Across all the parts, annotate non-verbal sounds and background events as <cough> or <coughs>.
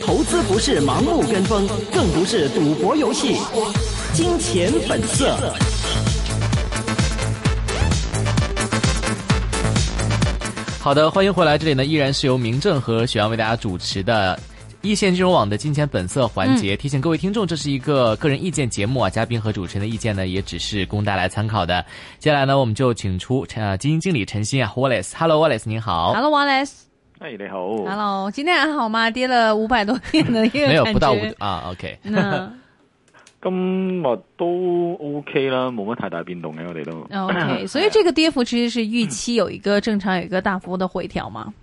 投資不是盲目跟風，更不是賭博遊戲。金錢本色 <noise> 。好的，歡迎回來。這裏呢依然是由明正和雪陽為大家主持的《一線金融網》的“金錢本色”環節。嗯。提醒各位聽眾，這是一個個人意見節目啊，嘉賓和主持人的意見呢也只是供大家來參考的。接下來呢，我們就請出啊基金經理陳昕啊，Wallace。Wal Hello，Wallace，您好。Hello，Wallace。誒，hey, 你好，Hello，今天還好嗎？跌了五百多點的， <laughs> 沒有，不到五 <laughs> 啊，OK，那 <laughs> 今日都 OK 啦，冇乜太大變動嘅，我哋都 OK，所以這個跌幅其實是預期有一個正常有一個大幅的回調嘛。 <laughs>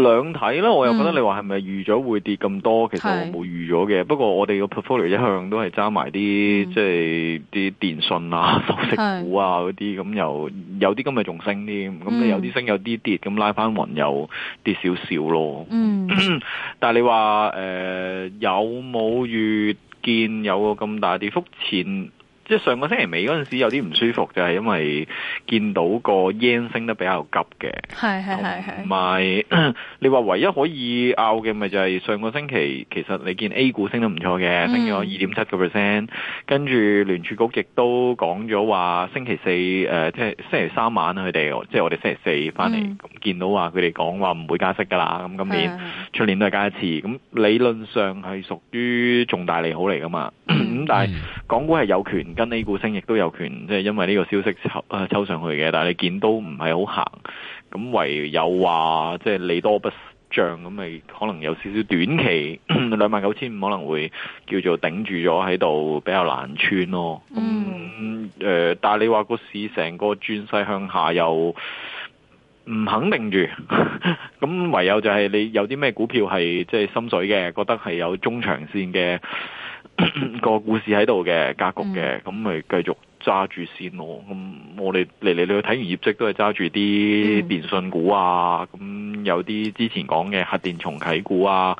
兩睇呢，我又覺得你話係咪預咗會跌咁多，嗯、其實我冇預咗嘅。是不過我哋個 portfolio 一向都係揸埋啲即係啲電信啊、收息股啊嗰啲，咁又是有啲今日仲升添，咁你、嗯、有啲升有啲跌，咁拉翻雲又跌少少咯。嗯， <coughs> 但係你話誒、呃、有冇預見有個咁大跌幅前？即上個星期尾嗰陣時有啲唔舒服，就係、是、因為見到個 yen 升得比較急嘅，係係係係。同埋你話唯一可以拗嘅咪就係上個星期，其實你見 A 股升得唔錯嘅，升咗二點七個 percent。跟住、嗯、聯儲局亦都講咗話，星期四、呃、即係星期三晚佢哋即係我哋星期四返嚟、嗯、見到話，佢哋講話唔會加息噶啦。咁今年出是年都係加一次，咁理論上係屬於重大利好嚟噶嘛。咁、嗯、但係港股係有權，跟 A 股升，亦都有權，即、就、係、是、因為呢個消息抽、啊、抽上去嘅。但係你見都唔係好行，咁唯有話即係利多不漲，咁咪可能有少少短期兩萬九千五可能會叫做頂住咗喺度，比較難穿咯。咁、呃、但係你話個市成個轉勢向下又唔肯定住，咁 <laughs> 唯有就係你有啲咩股票係即係心水嘅，覺得係有中長線嘅。個 <coughs> 故事喺度嘅格局嘅，咁咪繼續揸住先咯。咁我哋嚟嚟去去睇完業績，都係揸住啲電信股啊，咁、嗯、有啲之前講嘅核電重啟股啊，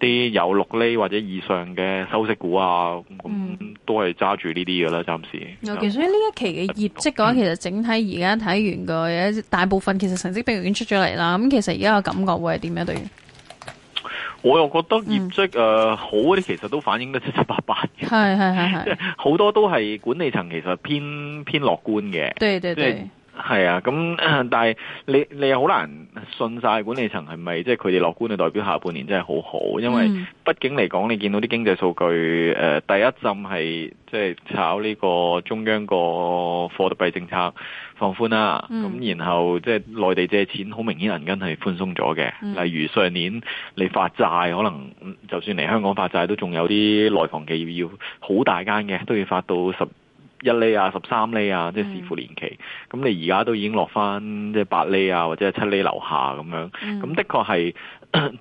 啲、嗯、有六厘或者以上嘅收息股啊，咁都係揸住呢啲嘅啦，暫時。尤其、嗯、所以呢一期嘅業績嘅話，其實整體而家睇完個，嗯、大部分其實成績都已經出咗嚟啦。咁其實而家嘅感覺會係點咧，對？我又覺得業績誒、嗯呃、好嗰啲其實都反映得七七八八嘅，係係係係，好多都係管理層其實偏偏樂觀嘅，對對對、就係係啊，咁、嗯、但係你你又好難信晒管理層，係咪即係佢哋樂觀嘅代表下半年真係好好，因為畢竟嚟講，你見到啲經濟數據誒、呃，第一浸係即係炒呢個中央個貨幣政策放寬啦，咁、嗯、然後即係內地借錢好明顯銀根係寬鬆咗嘅，例如上年你發債可能就算嚟香港發債都仲有啲內房企業要好大間嘅，都要發到十一厘啊，十三厘啊，即係視乎年期。咁、嗯、你而家都已經落翻即係八厘啊，或者係七厘樓下咁樣。咁的確係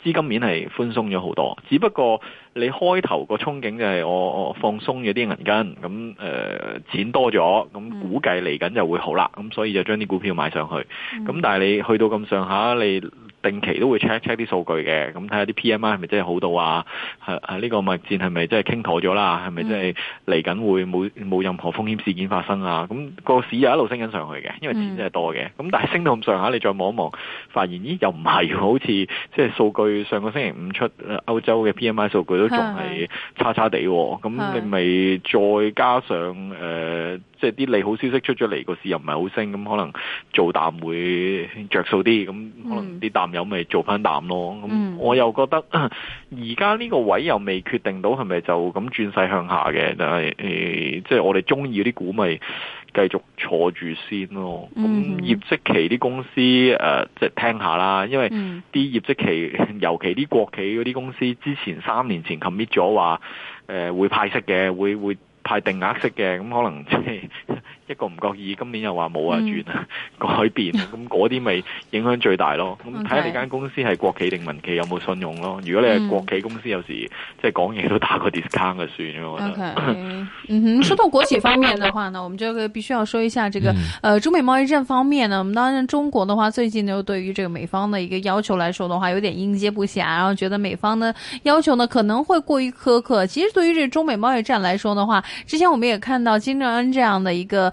資金面係寬鬆咗好多。只不過你開頭個憧憬就係我我放鬆咗啲銀根，咁誒、呃、錢多咗，咁估計嚟緊就會好啦。咁、嗯、所以就將啲股票買上去。咁、嗯、但係你去到咁上下，你。定期都會 check check 啲數據嘅，咁睇下啲 PMI 係咪真係好到啊？呢、啊呢個貿戰係咪真係傾妥咗啦？係咪、嗯、真係嚟緊會冇冇任何風險事件發生啊？咁、那個市又一路升緊上去嘅，因為錢真係多嘅。咁但係升到咁上下、啊，你再望一望，發現咦又唔係，好似即係數據上個星期五出歐洲嘅 PMI 數據都仲係差差哋喎、啊。咁的你咪再加上誒，即係啲利好消息出咗嚟，個市又唔係好升，咁可能做淡會着數啲。咁可能啲淡。嗯有咪做翻啖咯，咁、嗯嗯、我又覺得而家呢個位又未決定到係咪就咁轉勢向下嘅、嗯，就係即係我哋中意嗰啲股咪繼續坐住先咯。咁業績期啲公司即係、啊就是、聽下啦，因為啲業績期尤其啲國企嗰啲公司，之前三年前 commit 咗話會派息嘅，會會派定額息嘅，咁、嗯、可能即係。一個唔覺意，今年又話冇啊，轉啊，嗯、改變咁嗰啲咪影響最大咯。咁睇下你間公司係國企定民企，有冇信用咯？如果你係國企公司、嗯、有時即係講嘢都打個 discount 就算咁咯、嗯。嗯哼，說到國企方面的話呢， <laughs> 我們就必須要說一下這個，嗯、呃，中美貿易戰方面呢，我們當然中國的話最近就對於這個美方的一個要求來說的話，有點應接不暇，然後覺得美方的要求呢可能會過於苛刻。其實對於這個中美貿易戰來說的話，之前我們也看到金正恩這樣的。一個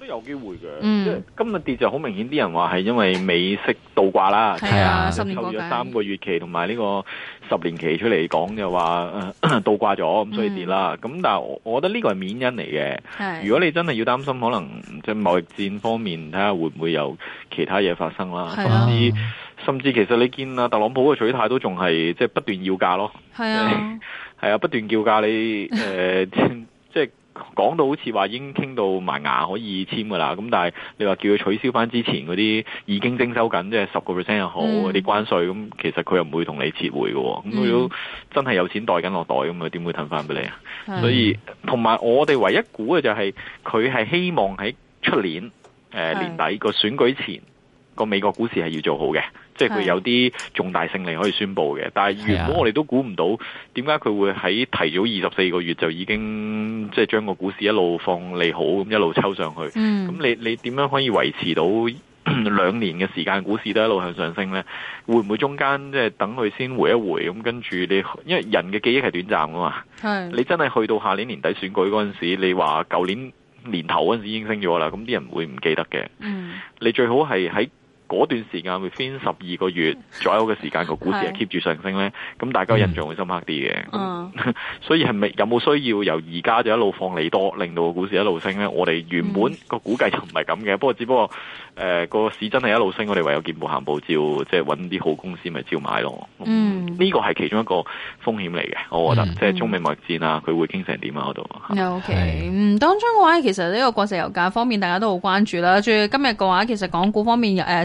都有機會嘅，即係、嗯、今日跌就好明顯。啲人話係因為美息倒掛啦，係啊，三個月期同埋呢個十年期出嚟講的話，就話倒掛咗，咁所以跌啦。咁、嗯、但係我覺得呢個係免因嚟嘅。是如果你真係要擔心，可能即係、就是、貿易戰方面，睇下會唔會有其他嘢發生啦。啊、甚至甚至其實你見啊，特朗普嘅取態都仲係即係不斷要價咯。係啊，係 <laughs> 啊，不斷叫價你誒。呃 <laughs> 講到好似話已經傾到埋牙可以簽噶啦，咁但係你話叫佢取消翻之前嗰啲已經徵收緊，即係十個 percent 又好嗰啲，嗯、關稅，咁其實佢又唔會同你撤回嘅。咁佢，嗯、都真係有錢袋緊落袋，咁佢點會褪翻俾你啊？所以同埋我哋唯一估嘅就係佢係希望喺出年誒、呃、是年底個選舉前。個美國股市係要做好嘅，即係佢有啲重大勝利可以宣布嘅。是的但係原本我哋都估唔到，點解佢會喺提早二十四個月就已經即係將個股市一路放利好，咁一路抽上去。咁、嗯、你你點樣可以維持到兩 <coughs> 年嘅時間，股市都一路向上升呢？會唔會中間即係等佢先回一回？咁跟住你，因為人嘅記憶係短暫噶嘛。的你真係去到下年年底選舉嗰陣時，你話舊年年頭嗰陣時已經升咗啦，咁啲人會唔記得嘅？嗯、你最好係喺嗰段時間會翻十二個月左右嘅時間，個股市係 keep 住上升咧，咁 <laughs> 大家印象會深刻啲嘅。嗯， <laughs> 所以係咪有冇需要由而家就一路放利多，令到個股市一路升咧？我哋原本個估計就唔係咁嘅，嗯、不過只不過誒個、呃、市真係一路升，我哋唯有見步行步照，即係揾啲好公司咪照買咯。嗯，呢個係其中一個風險嚟嘅，我覺得，嗯、即係中美貿易戰啊，佢會傾成點啊嗰度。有其當中嘅話，其實呢個國際油價方面大家都好關注啦。至於今日嘅話，其實港股方面、呃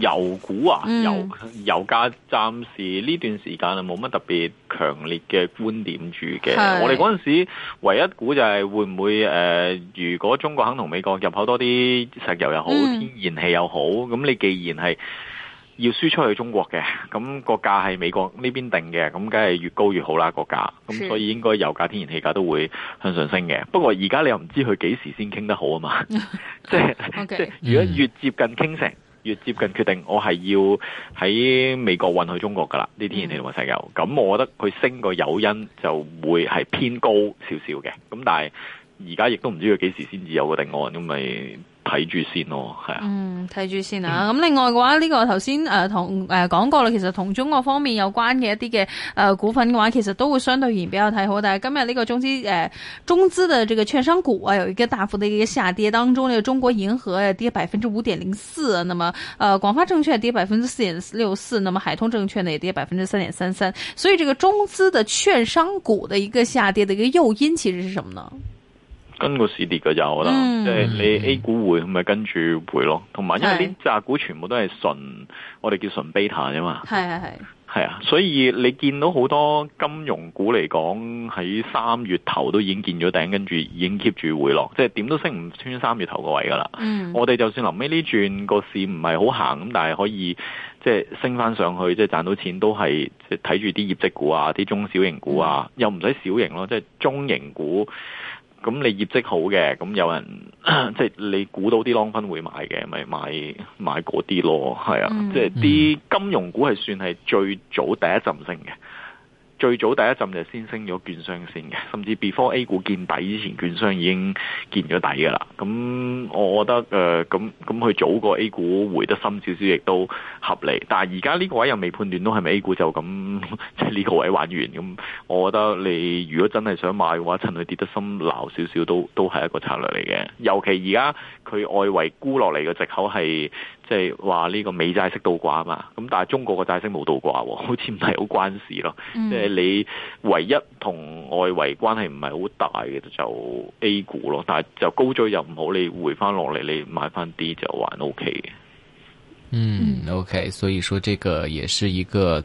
油股啊，油、嗯、油價暫時呢段時間啊，冇乜特別強烈嘅觀點住嘅。是我哋嗰陣時唯一股就係會唔會誒、呃，如果中國肯同美國入口多啲石油又好，嗯、天然氣又好，咁你既然係要輸出去中國嘅，咁、個價係美國呢邊定嘅，咁梗係越高越好啦、個價。咁所以應該油價、天然氣價都會向上升嘅。不過而家你又唔知佢幾時先傾得好啊嘛， <laughs> 即係 Okay, 即係、嗯、如果越接近傾成。越接近決定，我係要喺美國運去中國噶啦，呢啲天然氣同石油，咁我覺得佢升個誘因就會係偏高少少嘅，咁但係而家亦都唔知佢幾時先至有個定案，因為，睇住先咯，係、哦、啊。嗯，睇住先啊，咁另外嘅話，呢個頭先誒同誒、呃、講過啦，其實同中國方面有關嘅一啲嘅誒股份嘅話，其實都會相對而言比較睇好。但係今日呢個中資誒、呃、中資的這個券商股啊、呃、有一個大幅的一個下跌，當中呢中國銀河啊跌百分之五點零四，那麼呃廣發證券跌百分之四點六四，那麼海通證券呢也跌百分之三點三三。所以這個中資的券商股的一個下跌的一個誘因其實是什麼呢？跟個市跌嘅就，我覺得，即係、嗯呃、你 A 股回咪跟住回咯，同埋因為啲雜股全部都係純，是我哋叫純 beta 啫嘛。係係係。係啊，所以你見到好多金融股嚟講，喺三月頭都已經見咗頂，跟住已經 keep 住回落，即係點都升唔穿三月頭個位噶啦。嗯。我哋就算臨尾呢轉個市唔係好行，咁但係可以即係升返上去，即係賺到錢都係即係睇住啲業績股啊，啲中小型股啊，嗯、又唔使小型咯，即係中型股。咁你業績好嘅，咁有人即係、 <coughs> 就是、你估到啲浪分會買嘅，咪買買嗰啲咯，係啊，即係啲金融股係算係最早第一陣升嘅。最早第一陣就先升咗券商線嘅，甚至 before A 股見底之前，券商已經見咗底噶啦。咁我覺得誒，咁咁佢早過 A 股回得深少少，亦都合理。但係而家呢個位又未判斷到係咪 A 股就咁即係呢個位玩完咁，我覺得你如果真係想買嘅話，趁佢跌得深撈少少都都係一個策略嚟嘅。尤其而家佢外圍沽落嚟嘅藉口係。即係話呢個美債息倒掛嘛，咁但係中國個債息冇倒掛喎，好似唔係好關事咯。即係、嗯呃、你唯一同外圍關係唔係好大嘅就 A 股咯，但係就高咗又唔好，你回翻落嚟你買翻啲就還 OK 嘅。嗯，OK，所以說這個也是一個。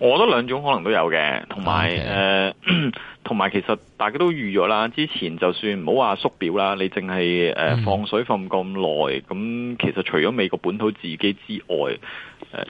我覺得兩種可能都有嘅，同埋誒、同埋其實大家都預咗啦。之前就算唔好話縮表啦，你淨係、呃、放水放咁耐，咁、mm. 其實除咗美國本土自己之外。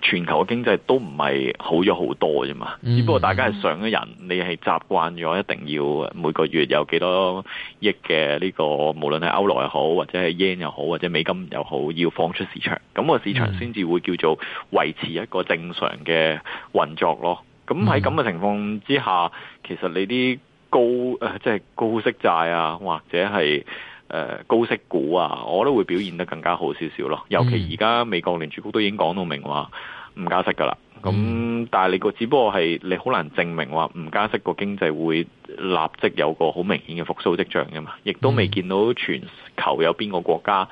全球嘅經濟都唔係好咗好多啫嘛，只不過大家係上咗人，你係習慣咗一定要每個月有幾多億嘅呢、這個，無論係歐羅又好，或者係 yen 又好，或者美金又好，要放出市場，咁、那個市場先至會叫做維持一個正常嘅運作咯。咁喺咁嘅情況之下，其實你啲高即係、就是、高息債啊，或者係。誒、呃、高息股啊，我都會表現得更加好少少咯。尤其而家美國聯儲局都已經講到明話唔加息噶啦。咁、嗯嗯、但係你個只不過係你好難證明話唔加息個經濟會立即有個好明顯嘅復甦跡象噶嘛。亦都未見到全球有邊個國家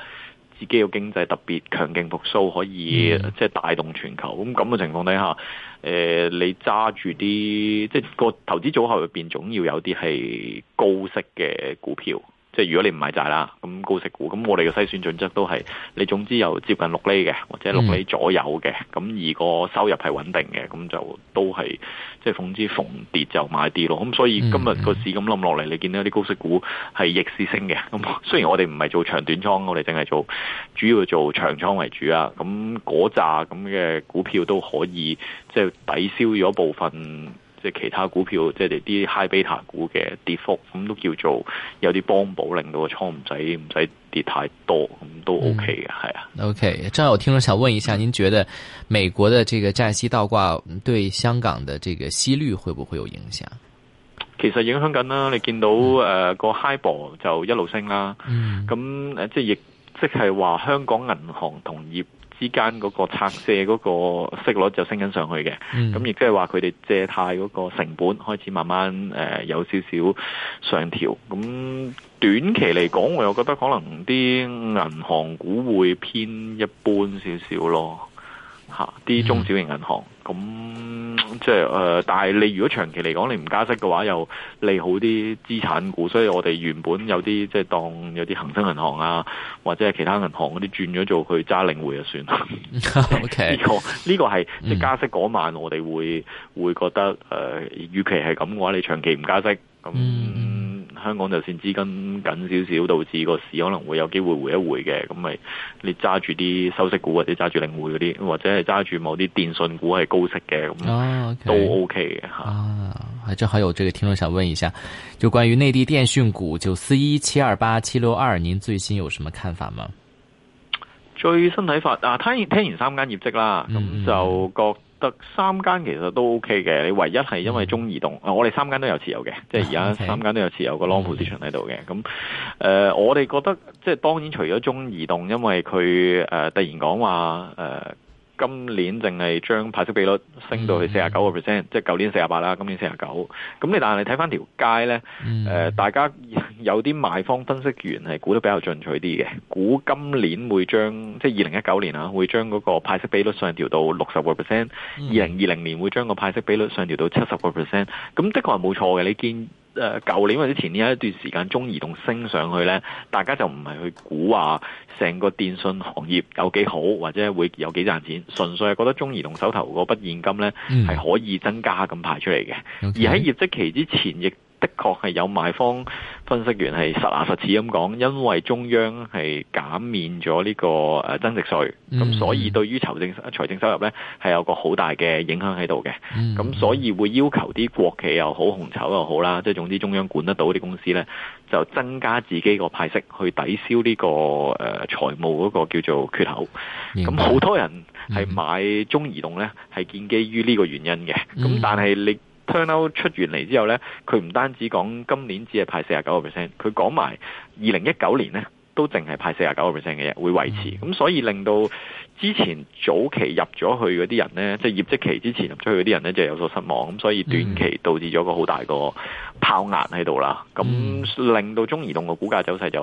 自己嘅經濟特別強勁復甦可以即係帶動全球。咁咁嘅情況底下，誒、呃、你揸住啲即係個投資組合入邊總要有啲係高息嘅股票。即係如果你唔買債啦，咁高息股，咁我哋嘅篩選準則都係，你總之有接近六厘嘅，或者六厘左右嘅，咁、嗯、而個收入係穩定嘅，咁就都係即係，總之逢跌就買啲咯。咁所以今日個市咁冧落嚟，你見到啲高息股係逆市升嘅。咁雖然我哋唔係做長短倉，我哋淨係做主要做長倉為主啊。咁嗰扎咁嘅股票都可以，即係抵消咗部分。即係其他股票，即係啲啲 high beta 股嘅跌幅，咁都叫做有啲幫補，令到個倉唔使唔使跌太多，咁都 OK 嘅，係啊、嗯。是 OK，張有我聽想問一下，您覺得美國嘅這個債息倒掛對香港嘅這個息率會唔會有影響？其實影響緊啦，你見到誒、嗯呃那個 high 博就一路升啦，咁誒、嗯、即係亦即係話香港銀行同業。之間嗰個拆借嗰個息率就升緊上去嘅，咁亦即係話佢哋借貸嗰個成本開始慢慢誒、呃、有少少上調，咁短期嚟講我又覺得可能啲銀行股會偏一般少少咯，嚇啲中小型銀行咁。即係誒，但係你如果長期嚟講，你唔加息嘅話，又利好啲資產股，所以我哋原本有啲即係當有啲恒生銀行啊，或者係其他銀行嗰啲轉咗做去揸領匯啊，算啦。Okay。呢個呢個係即加息嗰晚我們，我哋會會覺得誒預、呃、期係咁嘅話，你長期唔加息咁。 <laughs> 香港就算資金緊少少，導致個市可能會有機會回一回嘅，咁咪你揸住啲收息股或者揸住領匯嗰啲，或者係揸住某啲電訊股係高息嘅咁，都 OK 嘅啊，okay，啊，正好有這個聽眾想問一下，就關於內地電訊股九四一七二八七六二，2，您最新有什麼看法嗎？最新睇法啊，聽聽完三間業績啦，咁就覺得三間其實都 OK 嘅。你唯一係因為中移動、嗯啊，我哋三間都有持有嘅，嗯、即係而家三間都有持有個 long position 喺度嘅。咁誒、呃，我哋覺得即係當然除咗中移動，因為佢誒、呃、突然講話誒。呃今年淨係將派息比率升到49、mm hmm. 去四十九個 percent，即係舊年四十八啦，今年四十九。咁你但係你睇翻條街呢，誒、mm hmm. 呃，大家有啲買方分析員係估得比較進取啲嘅，估今年會將即係二零一九年啊，會將嗰個派息比率上調到六十個 percent，二零二零年會將個派息比率上調到七十個 percent。咁的確係冇錯嘅，你見。誒舊年或者前年一段時間，中移動升上去呢，大家就唔係去估話成個電信行業有幾好，或者會有幾賺錢，純粹係覺得中移動手頭嗰筆現金呢，係可以增加咁、嗯、排出嚟嘅，Okay. 而喺業績期之前亦。的確係有賣方分析員係實牙實齒咁講，因為中央係減免咗呢個誒增值稅，咁、mm hmm. 所以對於財政財政收入呢係有個好大嘅影響喺度嘅，咁、mm hmm. 所以會要求啲國企又好、紅籌又好啦，即係總之中央管得到啲公司呢，就增加自己個派息去抵消呢、這個誒財、呃、務嗰個叫做缺口。咁好白多人係買中移動呢係建基於呢個原因嘅。咁、mm hmm. 但係你。Turnout 出完嚟之後咧，佢唔單止講今年只係派四十九個 percent，佢講埋二零一九年咧。都淨係派四十九個 percent 嘅嘢，會維持。咁、mm. 嗯、所以令到之前早期入咗去嗰啲人呢，即、就、係、是、業績期之前入咗去嗰啲人呢，就有所失望。咁所以短期導致咗個好大個拋壓喺度啦。咁、mm. 嗯、令到中移動嘅股價走勢就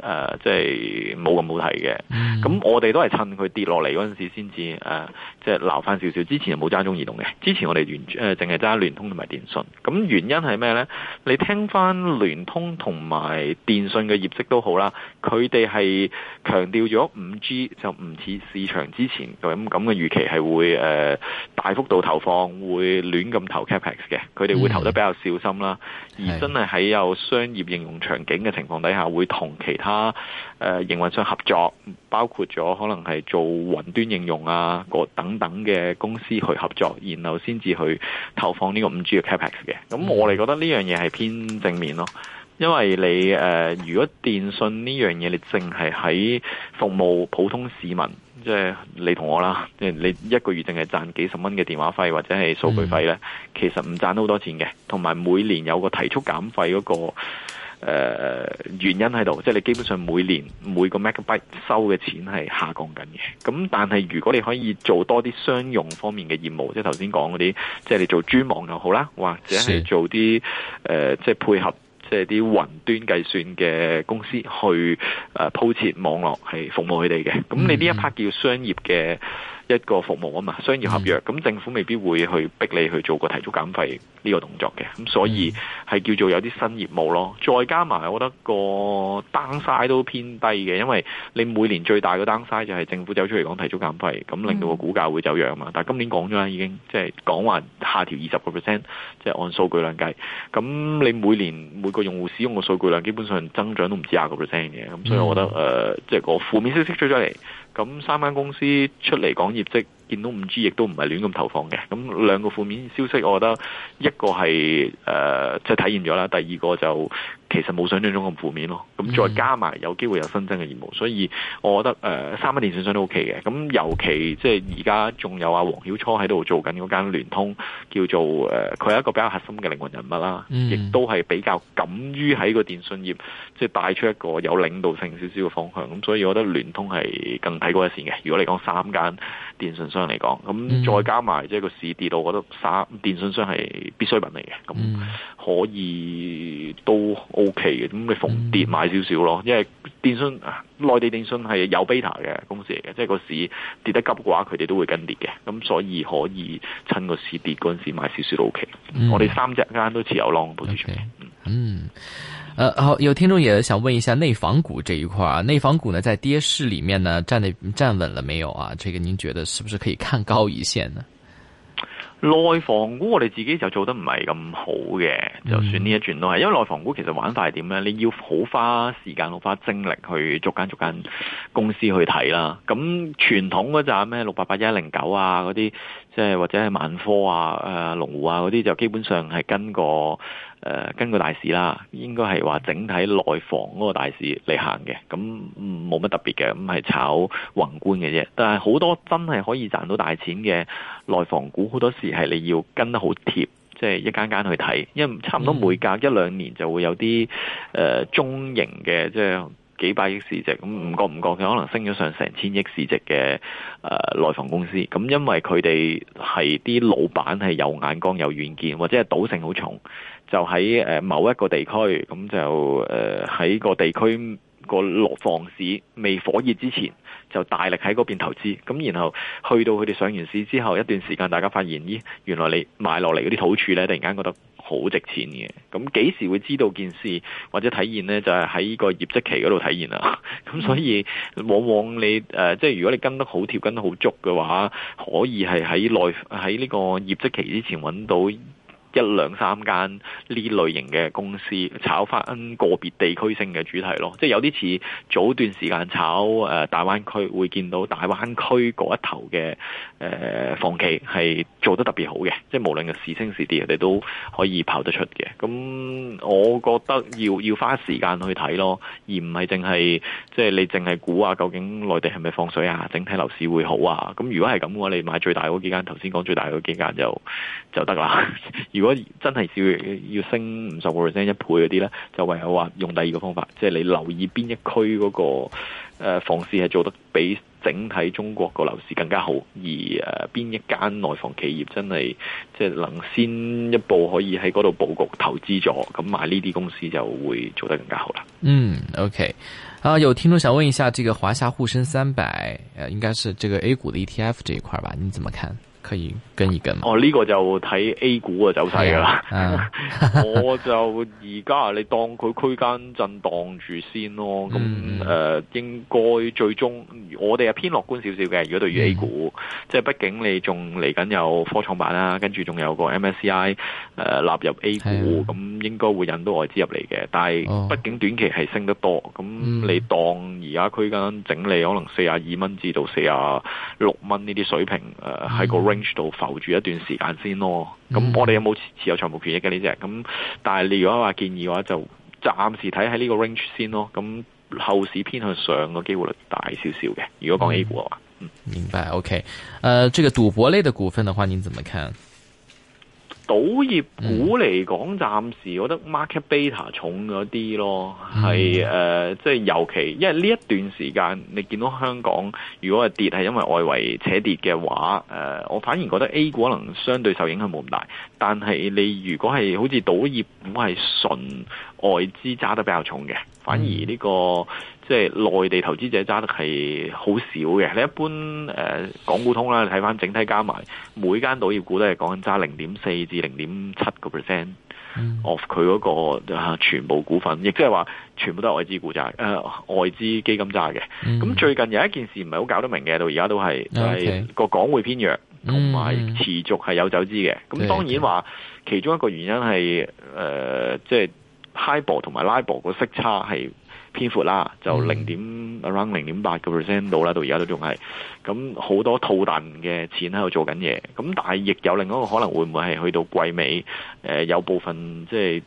誒，即係冇咁好睇嘅。咁、mm. 嗯、我哋都係趁佢跌落嚟嗰陣時先至誒，即係撈翻少少。之前冇揸中移動嘅，之前我哋完全淨係揸聯通同埋電信。咁原因係咩呢？你聽翻聯通同埋電信嘅業績都好啦。佢哋係強調咗五 G 就唔似市場之前咁咁嘅預期係會誒、呃，大幅度投放，會亂咁投 capex 嘅。佢哋會投得比較小心啦。而真係喺有商業應用場景嘅情況底下，是的 會同其他誒營運商合作，包括咗可能係做雲端應用啊，各等等嘅公司去合作，然後先至去投放呢個五 G 嘅 capex 嘅。咁我哋覺得呢樣嘢係偏正面咯。因為你誒、呃，如果電信呢樣嘢，你淨係喺服務普通市民，即係你同我啦，你一個月淨係賺幾十蚊嘅電話費或者係數據費咧，嗯、其實唔賺好多錢嘅。同埋每年有個提速減費嗰、嗰個誒、呃、原因喺度，即係你基本上每年每個 megabyte 收嘅錢係下降緊嘅。咁但係如果你可以做多啲商用方面嘅業務，即係頭先講嗰啲，即係你做專網又好啦，或者係做啲誒是、呃、即係配合。即係啲雲端計算嘅公司去誒鋪設網絡，係服務佢哋嘅。咁你呢一 part 叫商業嘅。一個服務啊嘛，商業合約，咁、嗯、政府未必會去逼你去做個提早減費呢個動作嘅，咁所以係叫做有啲新業務咯。再加埋，我覺得個 downside 都偏低嘅，因為你每年最大嘅 downside 就係政府走出嚟講提早減費，咁令到個股價會走樣啊嘛。嗯、但係今年講咗啦，已經即係講話下調二十個 percent，即係按數據量計，咁你每年每個用戶使用嘅數據量基本上增長都唔止廿個 percent 嘅，咁所以我覺得誒，即係、嗯呃就是、個負面消息出咗嚟。咁三間公司出嚟講業績，見到 5G 亦都唔係亂咁投放嘅。咁兩個負面消息，我覺得一個係誒，即、呃、係、就是、體驗咗啦。第二個就。其實冇想象中咁負面咯，咁再加埋有機會有新增嘅業務，mm hmm. 所以我覺得誒、呃、三間電信商都 OK 嘅。咁尤其即係而家仲有阿王曉初喺度做緊嗰間聯通，叫做誒佢係一個比較核心嘅靈魂人物啦，亦、mm hmm. 都係比較敢於喺個電信業即係、就是、帶出一個有領導性少少嘅方向。咁所以我覺得聯通係更睇高一線嘅。如果你講三間電信商嚟講，咁再加埋即係個市跌到，我覺得三電信商係必需品嚟嘅，咁可以都。OK 嘅，咁咪逢跌買少少咯，嗯、因為電信內地電信係有 beta 嘅公司嚟嘅，即係個市跌得急嘅話，佢哋都會跟跌嘅，咁所以可以趁個市跌嗰陣時買少少都 OK。嗯、我哋三隻間都持有 long okay, 嗯，誒、嗯嗯呃，好，有聽眾也想問一下內房股這一塊啊，內房股呢在，跌市裏面呢，站得站穩了沒有啊？這個您覺得是不是可以看高一線呢？嗯內房股我哋自己就做得唔係咁好嘅，就算呢一轉都係，因為內房股其實玩法係點呢？你要好花時間、好花精力去逐間逐間公司去睇啦。咁傳統嗰扎咩六八八一零九啊嗰啲，即係或者係萬科啊、誒、啊、龍湖啊嗰啲，就基本上係跟個，誒跟個大市啦，應該係話整體內房嗰個大市嚟行嘅，咁冇乜特別嘅，咁係炒宏觀嘅啫。但係好多真係可以賺到大錢嘅內房股，好多時係你要跟得好貼，即係一間間去睇，因為差唔多每隔一兩年就會有啲誒中型嘅即係。幾百億市值咁，唔覺唔覺佢可能升咗上成千億市值嘅誒、呃、內房公司。咁因為佢哋係啲老闆係有眼光、有遠見，或者係賭性好重，就喺某一個地區，咁就誒喺、呃、個地區個內房市未火熱之前，就大力喺嗰邊投資。咁然後去到佢哋上完市之後一段時間，大家發現咦、哎，原來你買落嚟嗰啲土處咧，突然間覺得。好值錢嘅，咁幾時會知道件事或者體現咧？就係喺呢個業績期嗰度體現啦。咁所以往往你誒、呃，即係如果你跟得好貼、跟得好足嘅話，可以係喺內喺呢個業績期之前揾到。一兩三間呢類型嘅公司炒翻個別地區性嘅主題咯，即係有啲似早段時間炒大灣區，會見到大灣區嗰一頭嘅誒房企係做得特別好嘅，即係無論係時升時跌，人哋都可以跑得出嘅。咁我覺得要要花時間去睇咯，而唔係淨係即係你淨係估啊，究竟內地係咪放水啊，整體樓市會好啊？咁如果係咁嘅話，你買最大嗰幾間，頭先講最大嗰幾間就就得啦， <laughs> 如果真係要要升五十個 percent 一倍嗰啲咧，就唯有話用第二個方法，即係你留意邊一區嗰個誒房市係做得比整體中國個樓市更加好，而誒邊一間內房企業真係即係能先一步可以喺嗰度布局投資咗，咁買呢啲公司就會做得更加好啦。嗯，OK，啊有聽眾想問一下，這個華夏滬深三百，誒，應該是這個 A 股的 ETF 這一塊吧？你怎麼看？可以跟一跟嘛？哦，呢、這個就睇 A 股嘅走勢啦。我就而家你當佢區間震盪住先咯。咁誒、嗯呃，應該最終我哋係偏樂觀少少嘅。如果對住 A 股，嗯、即係畢竟你仲嚟緊有科創板啦，跟住仲有個 MSCI 誒、呃、納入 A 股，咁的應該會引到外資入嚟嘅。但係畢竟短期係升得多，咁、哦、你當而家區間整理，可能四十二蚊至到四十六蚊呢啲水平誒係、嗯呃、個 range range 度浮住一段時間先咯，咁我哋有冇持有財務權益嘅呢隻？咁、嗯、但係你如果話建議嘅話，就暫時睇喺呢個 range 先咯。咁後市偏向上嘅機會率大少少嘅。如果講 A 股嘅話，嗯，明白。OK，誒、呃，這個賭博類嘅股份的話，您怎麼看？賭業股嚟講，暫時我覺得 market beta 重咗啲咯，係誒、嗯，即係、呃即係、尤其，因為呢一段時間你見到香港如果係跌，係因為外圍扯跌嘅話，誒、呃，我反而覺得 A 股可能相對受影響冇咁大，但係你如果係好似賭業股係純外資揸得比較重嘅，反而呢、呢個。嗯即係內地投資者揸得係好少嘅，你一般誒、呃、港股通啦，你睇翻整體加埋每間道業股都係講緊揸零點四至零點七個 percent of 佢嗰個全部股份，亦即係話全部都係外資股扎、呃、外資基金揸嘅。咁、嗯、最近有一件事唔係好搞得明嘅，到而家都係就係、是、個港匯偏弱，同埋持續係有走姿嘅。咁、嗯、當然話其中一個原因係誒、呃、即係 high 博同埋 low i l 個息差係。偏闊啦，就零點 around 零點八個 percent 到啦，到而家都仲係咁好多套戥嘅錢喺度做緊嘢，咁但係亦有另一個可能會唔會係去到季尾，誒、呃、有部分即係、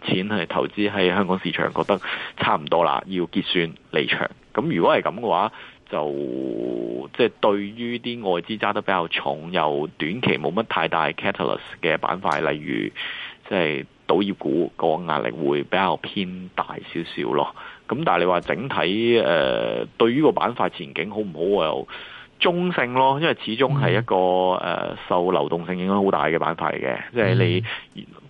就是、錢係投資喺香港市場，覺得差唔多啦，要結算離場。咁如果係咁嘅話，就即係、就是、對於啲外資揸得比較重，又短期冇乜太大 catalyst 嘅板塊，例如。即係賭業股個壓力會比較偏大少少咯，咁但係你話整體誒、呃，對於個板塊前景好唔好啊？中性咯，因為始終係一個誒受流動性影響好大嘅板塊嚟嘅。即係、嗯、你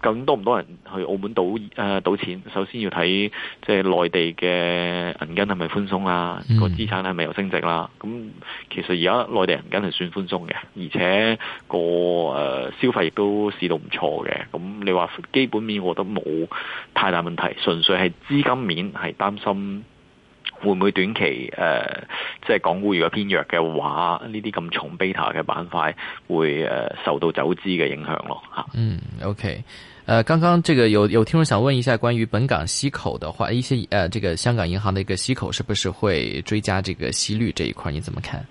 究竟多唔多人去澳門賭誒賭錢，首先要睇即係內地嘅銀根係咪寬鬆啦，個資、嗯、產係咪有升值啦？咁其實而家內地銀根係算寬鬆嘅，而且個誒消費亦都市道唔錯嘅。咁你話基本面我覺得冇太大問題，純粹係資金面係擔心。會唔會短期誒、呃，即係港股如果偏弱嘅話，呢啲咁重 beta 嘅板塊會、呃、受到走資嘅影響咯嚇，嗯，OK，誒，剛、呃、剛這個有有聽眾想問一下關於本港息口的話，一些誒、呃，這個香港銀行嘅一個息口，是不是會追加這個息率這一塊？你怎麼看？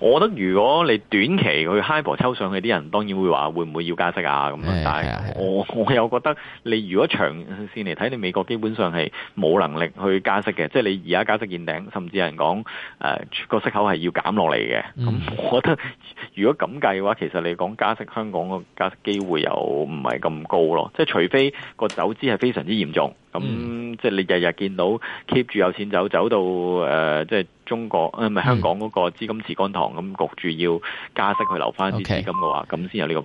我覺得如果你短期去 high 波抽上去，啲人當然會話會唔會要加息啊，咁樣，但係我我又覺得你如果長線嚟睇，你美國基本上係冇能力去加息嘅，即係你而家加息見頂，甚至有人講誒個息口係要減落嚟嘅。咁、嗯、我覺得如果咁計嘅話，其實你講加息，香港個加息機會又唔係咁高咯。即係除非個走資係非常之嚴重，咁、嗯、即係你日日見到 keep 住有錢走走到誒、呃、即係。中國誒，唔、呃、係香港嗰個資金池乾塘，咁焗住要加息去留翻啲資金嘅話，咁先 Okay. 有呢個。